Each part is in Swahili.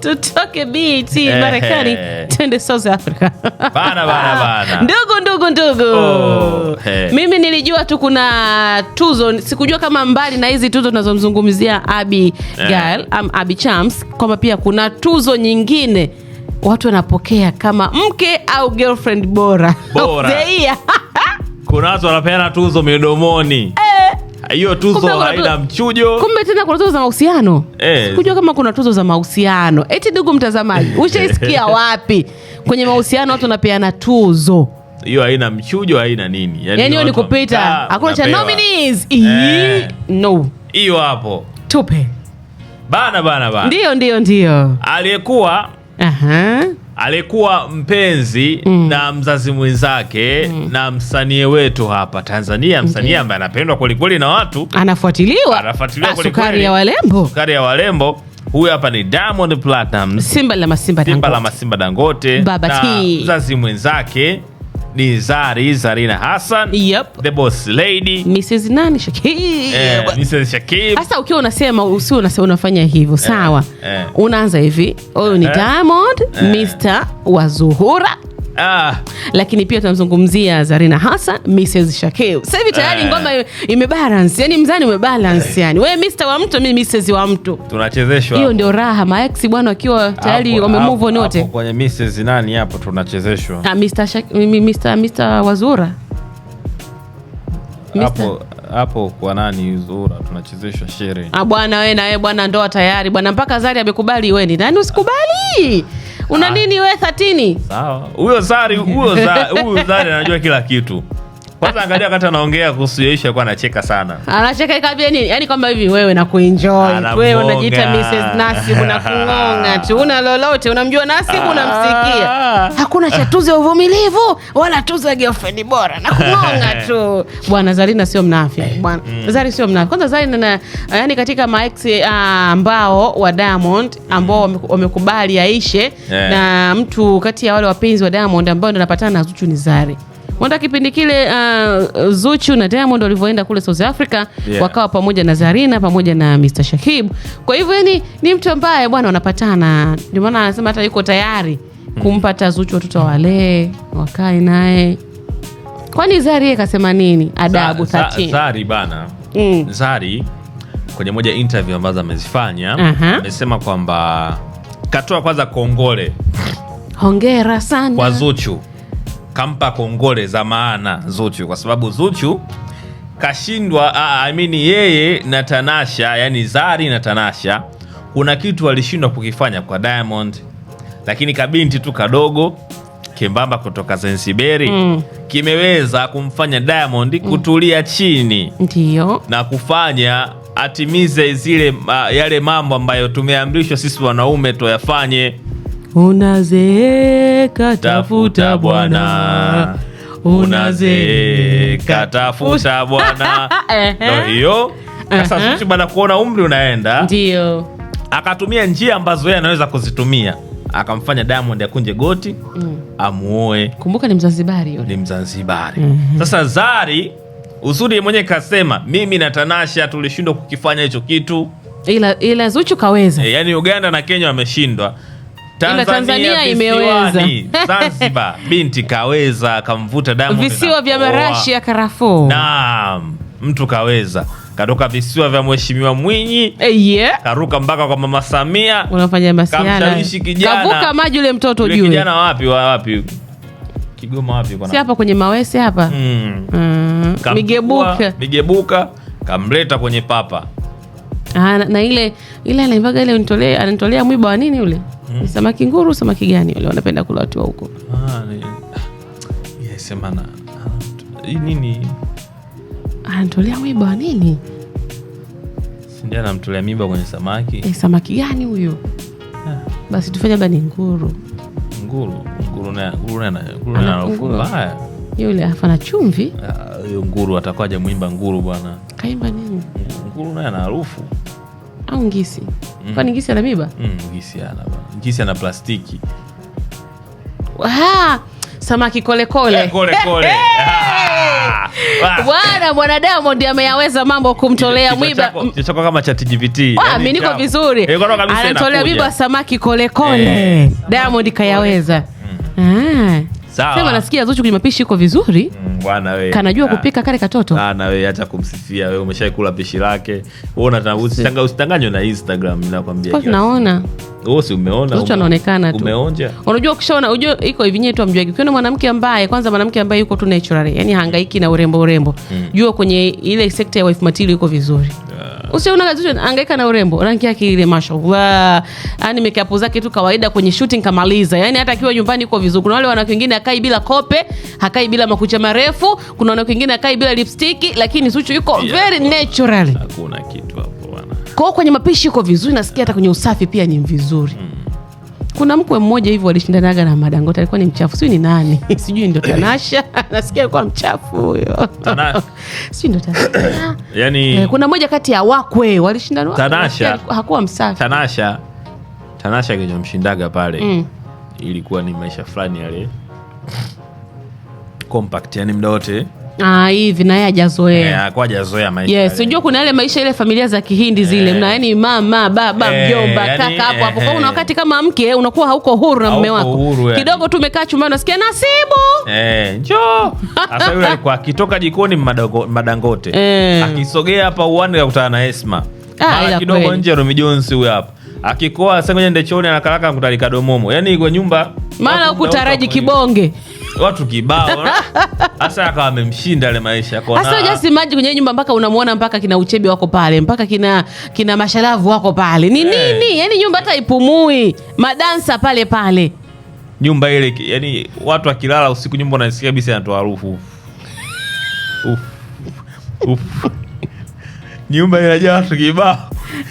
tutoke BET Marekani twende South Africa. Bana, bana, bana. Ndugu ndugu ndugu, oh, hey. Mimi nilijua tu kuna tuzo, sikujua kama mbali na hizi tuzo tunazomzungumzia Abi eh. Gal am Abi Chams kwamba pia kuna tuzo nyingine watu wanapokea kama mke au girlfriend bora bora. kuna watu wanapeana tuzo midomoni eh, Eh, hiyo tuzo haina mchujo. Kumbe tena kuna tuzo za mahusiano eh. Kujua kama kuna tuzo za mahusiano eti, ndugu mtazamaji, ushaisikia wapi kwenye mahusiano watu wanapeana tuzo? Hiyo haina mchujo, haina nini, yani yaani hiyo ni kupita, ah, hakuna cha nominees eh. No, hiyo hapo tupe bana bana bana, ndio ndio ndio aliyekuwa uh -huh alikuwa mpenzi mm. na mzazi mwenzake mm. na msanii wetu hapa Tanzania, msanii ambaye anapendwa kwelikweli na watu, anafuatiliwa anafuatiliwa ah, sukari ya walembo, sukari ya walembo. Huyu hapa ni Diamond Platinum, simba la masimba, simba la masimba Dangote, baba na mzazi mwenzake ni Zari Zarina Hassan. Yep. The boss lady. Mrs. nani Shakib. Eh, Mrs. Shakib. Hasa ukiwa unasema usio unasema unafanya hivyo eh, sawa. Eh, eh. Unaanza hivi. Huyu ni eh. Diamond, eh. Mr. wa Zuhura ah. Lakini pia tunamzungumzia Zarina Hassan, Mrs Shakeu. Sasa hivi tayari ah. ngoma imebalance, yani mzani umebalance, eh. yani wewe Mr wa mtu, mimi Mrs wa mtu, tunachezeshwa. Hiyo ndio raha ex bwana, akiwa tayari wamemove on wote kwenye Mrs nani hapo, tunachezeshwa ah, Mr Shak Mr Mr Wazura hapo hapo kwa nani Zura, tunachezeshwa sherehe. Ah bwana, wewe na wewe bwana, ndoa tayari bwana, mpaka Zari amekubali. Wewe ni nani usikubali? ah una ah. nini we thatini? Sawa, huyo Zari, huyo Zari anajua kila kitu. Kwanza angalia wakati anaongea kuhusu Yeisha alikuwa anacheka sana. Anacheka ikabia nini? Yaani kwamba hivi wewe na kuenjoy. Wewe unajiita Mrs. Nasibu na kungonga tu. Una lolote, unamjua Nasibu ah. unamsikia. Hakuna chatuzi ya uvumilivu wala tuzo ya girlfriend bora na kungonga tu. Bwana Zarina sio mnafi. Bwana mm. Zari sio mnafi. Kwanza Zari na yaani katika maex ambao ah, wa Diamond ambao mm. wamekubali aishe yeah. na mtu kati ya wale wapenzi wa Diamond ambao ndo napatana na Zuchu ni Zari. Mwanda kipindi kile uh, Zuchu na Diamond walivyoenda kule South Africa yeah. Wakawa pamoja na Zarina pamoja na Mr. Shakib. Kwa hivyo yani ni mtu ambaye bwana wanapatana, ndio maana anasema hata yuko tayari hmm. kumpata Zuchu watoto walee wakae naye. Kwani Zari akasema nini? Adabu za, za, Zari bana mm. Zari kwenye moja interview ambazo amezifanya amesema kwamba katoa kwanza kongole, hongera sana kwa Zuchu kampa kongole za maana Zuchu, kwa sababu Zuchu kashindwa amini ah, ah, yeye na Tanasha, yani Zari na Tanasha, kuna kitu alishindwa kukifanya kwa Diamond, lakini kabinti tu kadogo kembamba kutoka Zanzibari mm. kimeweza kumfanya Diamond mm. kutulia chini ndio, na kufanya atimize zile ah, yale mambo ambayo tumeamrishwa sisi wanaume tuyafanye. Unazeeka tafuta Bwana, unazeeka tafuta Bwana. Ndo hiyo sasa. Zuchu kuona umri unaenda, ndio akatumia njia ambazo yeye anaweza kuzitumia akamfanya Diamond akunje goti mm. amuoe. Kumbuka ni Mzanzibari yule, ni Mzanzibari mm -hmm. Sasa Zari uzuri mwenyewe kasema, mimi na Tanasha tulishindwa kukifanya hicho kitu, ila, ila Zuchu kaweza e, yani Uganda na Kenya wameshindwa Tanzania, Tanzania imeweza Zanzibar binti kaweza kamvuta damu visiwa vya marashi karafuu. Naam, mtu kaweza katoka visiwa vya mheshimiwa Mwinyi eh, yeah. Karuka mpaka kwa mama Samia, unafanya kamshawishi kijana, kavuka maji ule mtoto juu, kijana wapi wapi Kigoma wapi si hapa kwenye mawese hapa mm. Mm. Migebuka, Migebuka kamleta kwenye papa. ah, na ile ile anaimbaga ile anitolea mwiba wa nini ule mm. Samaki nguru, samaki gani wale wanapenda kula watu wa huko? Ah, ah, nini anatolea mwiba nini? Sindio, anamtolea mimba kwenye samaki e, samaki gani huyo? Ah. Basi tufanye bani nguru nguru yule, afana chumvi. Huyo nguru atakwaja mwimba nguru bwana, kaimba nini? Nguru naye ana harufu au ngisi mm. kwani ngisi ana miba mm, ngisi ana ngisi ana plastiki ha, samaki kolekole kole. kole. Eh, ah. Ah. Bwana bwana Diamond ameyaweza mambo kumtolea mwiba chako kama chat GPT. Yaani mimi niko vizuri, eh, anatolea mwiba samaki kolekole. Eh. Diamond kayaweza. Mm. Ah. Sema nasikia Zuchu kwenye mapishi yuko vizuri. Mm, bwana wewe. Kanajua ah, kupika kale katoto. Ah na wewe acha kumsifia wewe umeshaikula pishi lake. Wewe unatanguzi tanga usitanganywe na Instagram ninakwambia. Kwa tunaona. Wewe si umeona? Zuchu anaonekana tu. Umeonja. Unajua ukishaona unajua iko hivi nyewe tu amjua. Ukiona mwanamke ambaye kwanza mwanamke ambaye yuko tu natural, yani hangaiki na urembo urembo. Mm. Jua kwenye ile sekta ya wife material yuko vizuri. Yeah usiona angaika na urembo, rangi yake ile mashallah, yani ah, makeup zake tu kawaida, kwenye shooting kamaliza. Yani hata akiwa nyumbani yuko vizuri. Kuna wale wanawake wengine akai bila kope, akai bila makucha marefu, kuna wanawake wengine akai bila lipstick, lakini Zuchu yuko very natural. Hakuna kitu hapo bwana. Kwa kwenye mapishi yuko vizuri, nasikia hata kwenye usafi pia ni vizuri. Hmm kuna mkwe mmoja hivyo alishindanaga na Madangote, alikuwa ni mchafu, sijui ni nani, sijui ndo Tanasha nasikia alikuwa mchafu huyo, sijui ndo Tanasha yani... Eh, kuna mmoja kati ya wakwe walishindana, Tanasha hakuwa msafi. Tanasha, Tanasha mshindaga pale mm. ilikuwa ni maisha fulani yale compact, yani mda wote Ah, hivi naye hajazoea. Eh, hajazoea maisha. Yes, unajua kuna yale maisha ile familia za Kihindi eh. zile. Eh. Mna yani mama, baba, yeah, mjomba, yani, kaka hapo hapo. Eh, kwa una eh. wakati kama mke eh, unakuwa hauko huru na mume wako. yani. Kidogo tu umekaa chumbani unasikia nasibu. Eh, njoo. Sasa yule alikuwa akitoka jikoni madago, madangote. Eh. Akisogea hapa uwani akutana na Esma. Ah, kidogo nje Romi Jones huyo hapa. Akikoa sasa ngoja nende anakaraka kutalika domomo. Yaani kwa nyumba mara ukutaraji kibonge watu kibao hasa akawa amemshinda ile maisha hasa. Ujasimaji kwenye nyumba mpaka unamwona mpaka kina Uchebe wako pale mpaka kina kina masharavu wako pale ni eh. nini hey? Ni, yani nyumba hata ipumui, madansa pale pale nyumba ile, yani watu akilala usiku nyumba unasikia bisi anatoa harufu nyumba inajaa watu kibao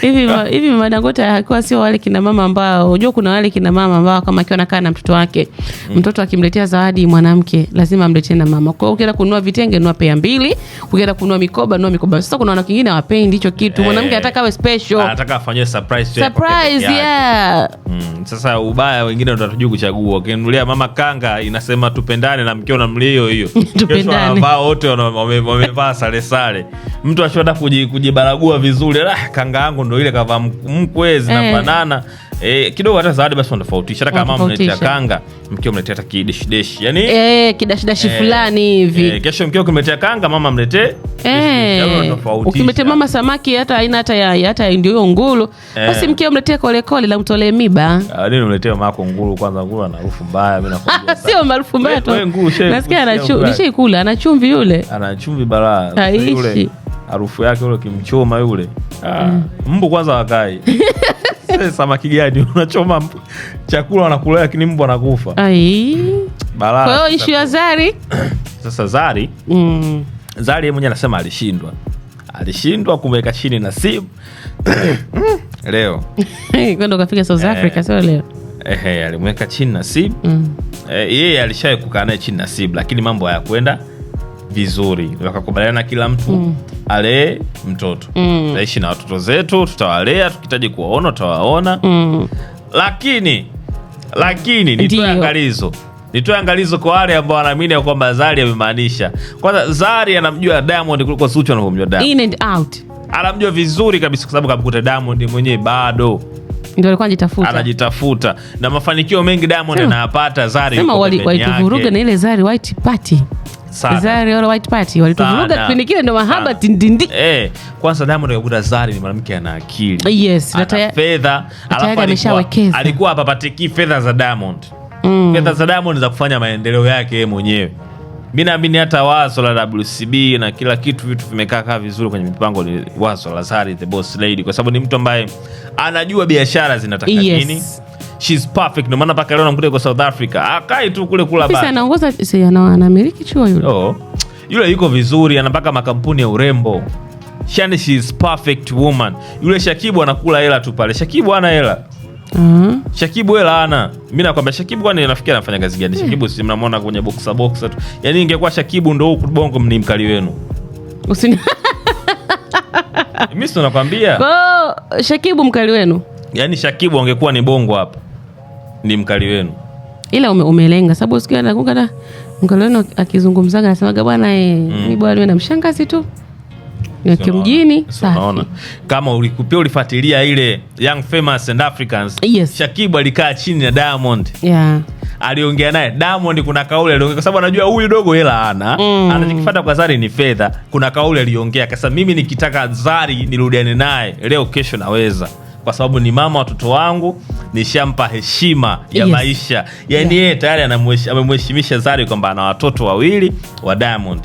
hivi hivi mama Dangote hakuwa sio wale kina mama ambao unajua, kuna wale kina mama ambao kama akiwa anakaa na mtoto wake mm. mtoto akimletea zawadi mwanamke lazima amletee na mama. Kwa hiyo ukienda kununua vitenge nunua pea mbili, ukienda kununua mikoba nunua mikoba. Sasa kuna wanawake wengine hawapendi hicho kitu, eh. mwanamke anataka awe special, anataka afanywe surprise, surprise yeah. Mm. Sasa ubaya wengine ndio tunajua kuchagua. Ukinunulia mama kanga inasema tupendane na mkeo na mlio hiyo, tupendane ambao wote wamevaa sare sare mtu ashoda kujibaragua vizuri, ah, kanga yangu ndo ile kavaa mkwe zinafanana eh, kidogo hata zawadi basi wanatofautisha. Hata kama mnaletea kanga, mkiwa mletea hata kideshideshi, yani eh, kidashidashi e, fulani hivi eh, kesho mkiwa kimletea kanga, mama mletee e, ukimletea mama samaki hata aina hata ya hata ndio hiyo ngulu basi mkiwa mletee kolekole la mtolee miba. Nini mletee mako ngulu? Kwanza ngulu ana harufu mbaya, mimi nakwambia sio harufu mbaya tu, nasikia anachumvi, nishaikula ana yule, ana balaa yule harufu yake ule kimchoma yule ah. Mm. Mbu kwanza wakai samaki gani unachoma chakula wanakula, lakini mbu anakufa. Kwa ishu ya Zari sasa Zari mm. Zari yeye anasema alishindwa, alishindwa kumweka chini na simu leo kwenda ukafika South eh. Africa, sio leo eh, alimweka chini na Simba mm. eh, yeye mm. yeye alishawai kukaa naye chini na Simba, lakini mambo hayakwenda vizuri, wakakubaliana kila mtu mm. alee mtoto mm. tutaishi na watoto zetu, tutawalea, tukihitaji kuwaona tutawaona mm. lakini lakini nitoe angalizo nitoe angalizo kwa wale ambao wanaamini kwamba Zari amemaanisha. Kwanza, Zari anamjua Diamond kuliko Zuchu anavyomjua Diamond. anamjua vizuri kabisa, kwa sababu kamkuta Diamond mwenyewe bado ndio alikuwa anajitafuta, anajitafuta na mafanikio mengi Diamond anayapata. Zari walituvuruga na ile Zari white party Zari eh, kwanza Diamond akakuta Zari ni mwanamke ana akili. Yes, fedha, ameshawekeza. Alikuwa hapapatiki fedha za Diamond. Mm. Fedha za Diamond za kufanya maendeleo yake yeye mwenyewe. mi naamini hata wazo la WCB na kila kitu vitu vimekaa kaa vizuri kwenye mipango ni wazo la Zari the boss lady, kwa sababu ni mtu ambaye anajua biashara zinataka nini she's perfect. Ndio maana mpaka leo namkuta kwa South Africa akai tu kule kula baa, anaongoza si anamiliki chuo yule. Oh, yule yuko vizuri, ana mpaka makampuni ya urembo. Shani, she's perfect woman. Yule Shakibu anakula hela tu pale. Shakibu ana hela Mm -hmm. Shakibu hela ana. mi nakwambia Shakibu kwani nafikiri anafanya kazi gani? Yeah. Shakibu si mnamwona kwenye boksa boksa tu. Yaani ingekuwa Shakibu ndo huku bongo ni mkali wenu. Usini. mi si nakwambia. Kwa Shakibu mkali wenu. Yaani Shakibu angekuwa ni bongo hapa ni mkali wenu, ila ume, umelenga sababu sikia na mkali wenu akizungumzaga anasemaga bwana eh, mm. mimi bwana na mshangazi tu kimjini kama ulikupia ulifuatilia ile Young Famous and Africans. Yes. Shakibu alikaa chini na Diamond yeah. Aliongea naye Diamond, kuna kauli aliongea kwa sababu anajua huyu dogo hela ana mm. anachokifuata kwa Zari ni fedha. Kuna kauli aliongea kasa, mimi nikitaka Zari nirudiane naye leo kesho naweza, kwa sababu ni mama watoto wangu, nishampa heshima ya yes. maisha yani yeye yeah. tayari amemuheshimisha Zari kwamba ana watoto wawili wa Diamond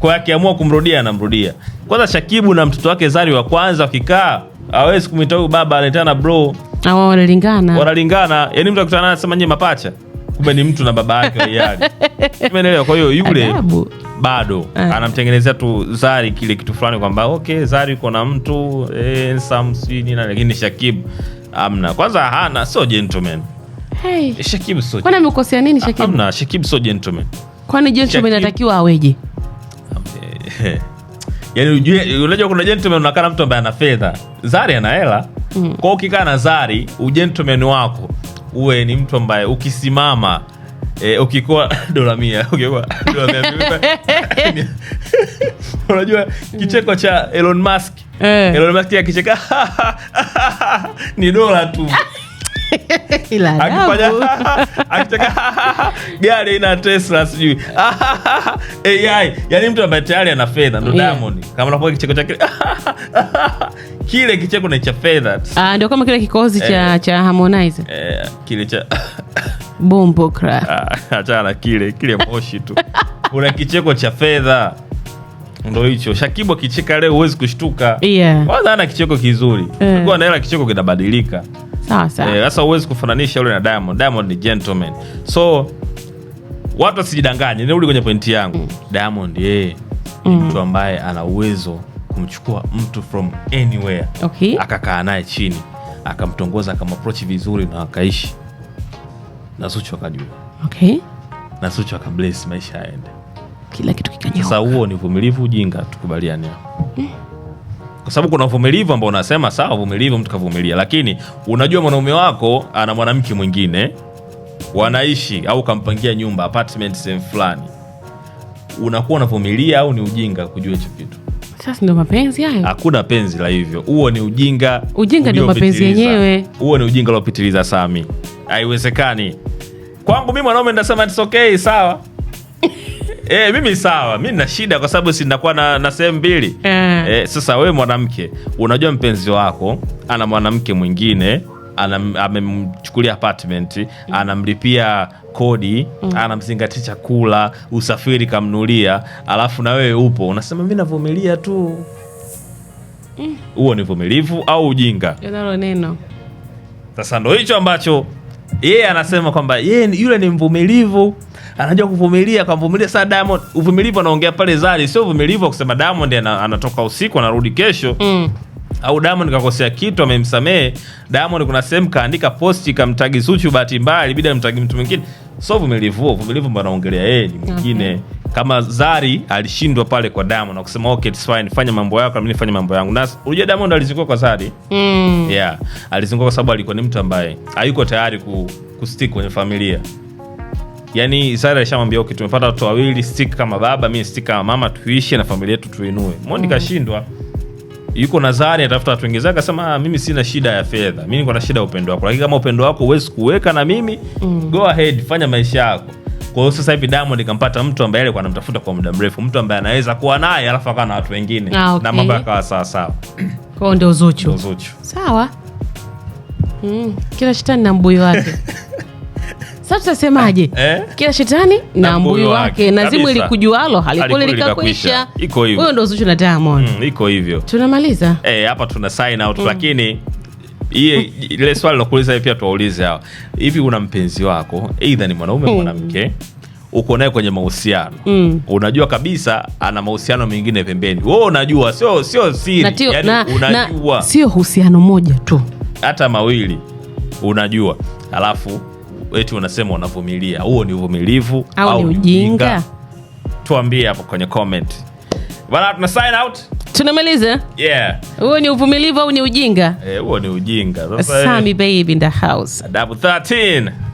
kwao akiamua kumrudia anamrudia. Kwanza Shakibu na mtoto wake Zari wa kwanza wakikaa awezi kumwita huyu baba, anaitana na bro. wanalingana. Wanalingana. yani mtu akutana nasema anasema nyie mapacha. Kumbe ni mtu na baba yake yani. Umeelewa? Kwa hiyo yule Adabu. bado uh, anamtengenezea tu Zari kile kitu fulani kwamba okay, Zari uko na mtu eh, Samsini na lakini Shakibu Amna. Kwanza hana sio gentleman. Hey. Shakibu sio. Kwani amekosea nini Shakibu? Amna, Shakibu sio gentleman. Kwani gentleman anatakiwa aweje? Yani unajua kuna gentleman unakaa na mtu ambaye ana fedha. Zari ana hela. Mm. Kwa ukikaa na Zari, ugentleman wako uwe ni mtu ambaye ukisimama E, ukikuwa dola mia ukikuwa dola mia unajua kicheko cha Elon Musk, eh. Elon Musk akicheka ni dola tu gari ina Tesla sijui AI, yani mtu ambaye tayari ana fedha ndo eh. Diamond. Kama nakua kicheko chake kile kicheko ni cha fedha, ah, ndio kama kile kikozi cha eh. cha Harmonize eh, kile cha bombo crack, ah, achana kile kile moshi tu, una kicheko cha fedha. Ndo hicho Shakibu akicheka leo huwezi kushtuka. Yeah. Kwanza ana kicheko kizuri yeah. Kuwa kicheko kinabadilika sasa, eh, huwezi eh, kufananisha yule na Diamond. Diamond ni gentleman, so watu wasijidanganye. Nirudi kwenye pointi yangu mm. Diamond yeye ni mm. mtu ambaye ana uwezo kumchukua mtu from anywhere okay. Akakaa naye chini akamtongoza akamaprochi vizuri na akaishi na Zuchu akajua okay. Na Zuchu akabless maisha aende kila kitu kikanyoka. Sasa huo ni uvumilivu ujinga, tukubaliane mm. Kwa sababu kuna uvumilivu ambao unasema sawa, uvumilivu mtu kavumilia, lakini unajua mwanaume wako ana mwanamke mwingine wanaishi au kampangia nyumba apartment sehemu fulani, unakuwa unavumilia au ni ujinga kujua hicho kitu? Sasa ndio mapenzi hayo, hakuna penzi la hivyo. Huo ni ujinga, ujinga ndio mapenzi yenyewe. Huo ni ujinga uliopitiliza, Sami. Haiwezekani kwangu mimi mwanaume, ndasema it's okay, sawa Eh, mimi sawa, mi nina shida kwa sababu sinakuwa na, na sehemu mbili mm. Eh, sasa wewe mwanamke unajua mpenzi wako ana mwanamke mwingine amemchukulia apartment anamlipia kodi mm. anamzingatia chakula, usafiri kamnulia, alafu na wewe upo unasema mi navumilia tu mm. huo mm. ni vumilivu au ujinga? Sasa ndo hicho ambacho yeye yeah, anasema kwamba yeye yeah, yule ni mvumilivu, anajua kuvumilia, kamvumilia saa Diamond. Uvumilivu anaongea pale Zari, sio uvumilivu wa kusema Diamond anatoka usiku anarudi kesho mm au Diamond kakosea kitu amemsamehe Diamond. Kuna sehemu kaandika posti kamtagi Zuchu, bahati mbaya ilibidi amtagi mtu mwingine. So vumilivu, vumilivu mbanaongelea anaongelea yeye ni mwingine okay. Mm-hmm kama Zari alishindwa pale kwa Diamond na kusema okay it's fine, fanya mambo yako na mimi nifanye mambo yangu. Na unajua Diamond alizingua kwa Zari mm. yeah, alizingua kwa sababu alikuwa ni mtu ambaye hayuko tayari ku, ku stick kwenye familia. Yani Zari alishamwambia okay, tumepata watoto wawili, stick kama baba, mimi stick kama mama, tuishi na familia yetu tuinue. Mondi mm. kashindwa mm. Yuko na Zari atafuta watu wengi, zake, akasema ah, mimi sina shida ya fedha, mimi niko na shida ya upendo wako, lakini kama upendo wako huwezi kuweka na mimi mm. go ahead, fanya maisha yako kwa hiyo sasa hivi Diamond kampata mtu ambaye alikuwa anamtafuta kwa muda mrefu, mtu ambaye anaweza kuwa naye alafu akawa na watu wengine ah, okay. na mambo yakawa sawasawa sawa. Kwa hiyo ndio Zuchu. Ndio Zuchu. Sawa. Mm, kila shetani na mbuyu wake. Sasa tutasemaje? Eh? Kila shetani na mbuyu wake, na zimu ilikujualo halikuli likakwisha. Iko hivyo. Huyo ndio Zuchu na Diamond. Mm, iko hivyo. Tunamaliza. Eh, hapa tuna sign out mm. lakini Iye, ile swali la kuuliza pia tuwaulize hawa hivi una mpenzi wako aidha ni mwanaume hmm. mwanamke, uko naye kwenye mahusiano mm. Unajua kabisa ana mahusiano mengine pembeni, wewe unajua, sio sio siri yani, unajua sio uhusiano moja tu, hata mawili unajua, alafu eti unasema unavumilia. Huo ni uvumilivu au ni ujinga? Tuambie hapo kwenye comment bana. Tuna sign out tunamaliza yeah. Huo ni uvumilivu au ni ujinga? Eh, huo ni ujinga. Sami eh. baby in the house. Adabu 13.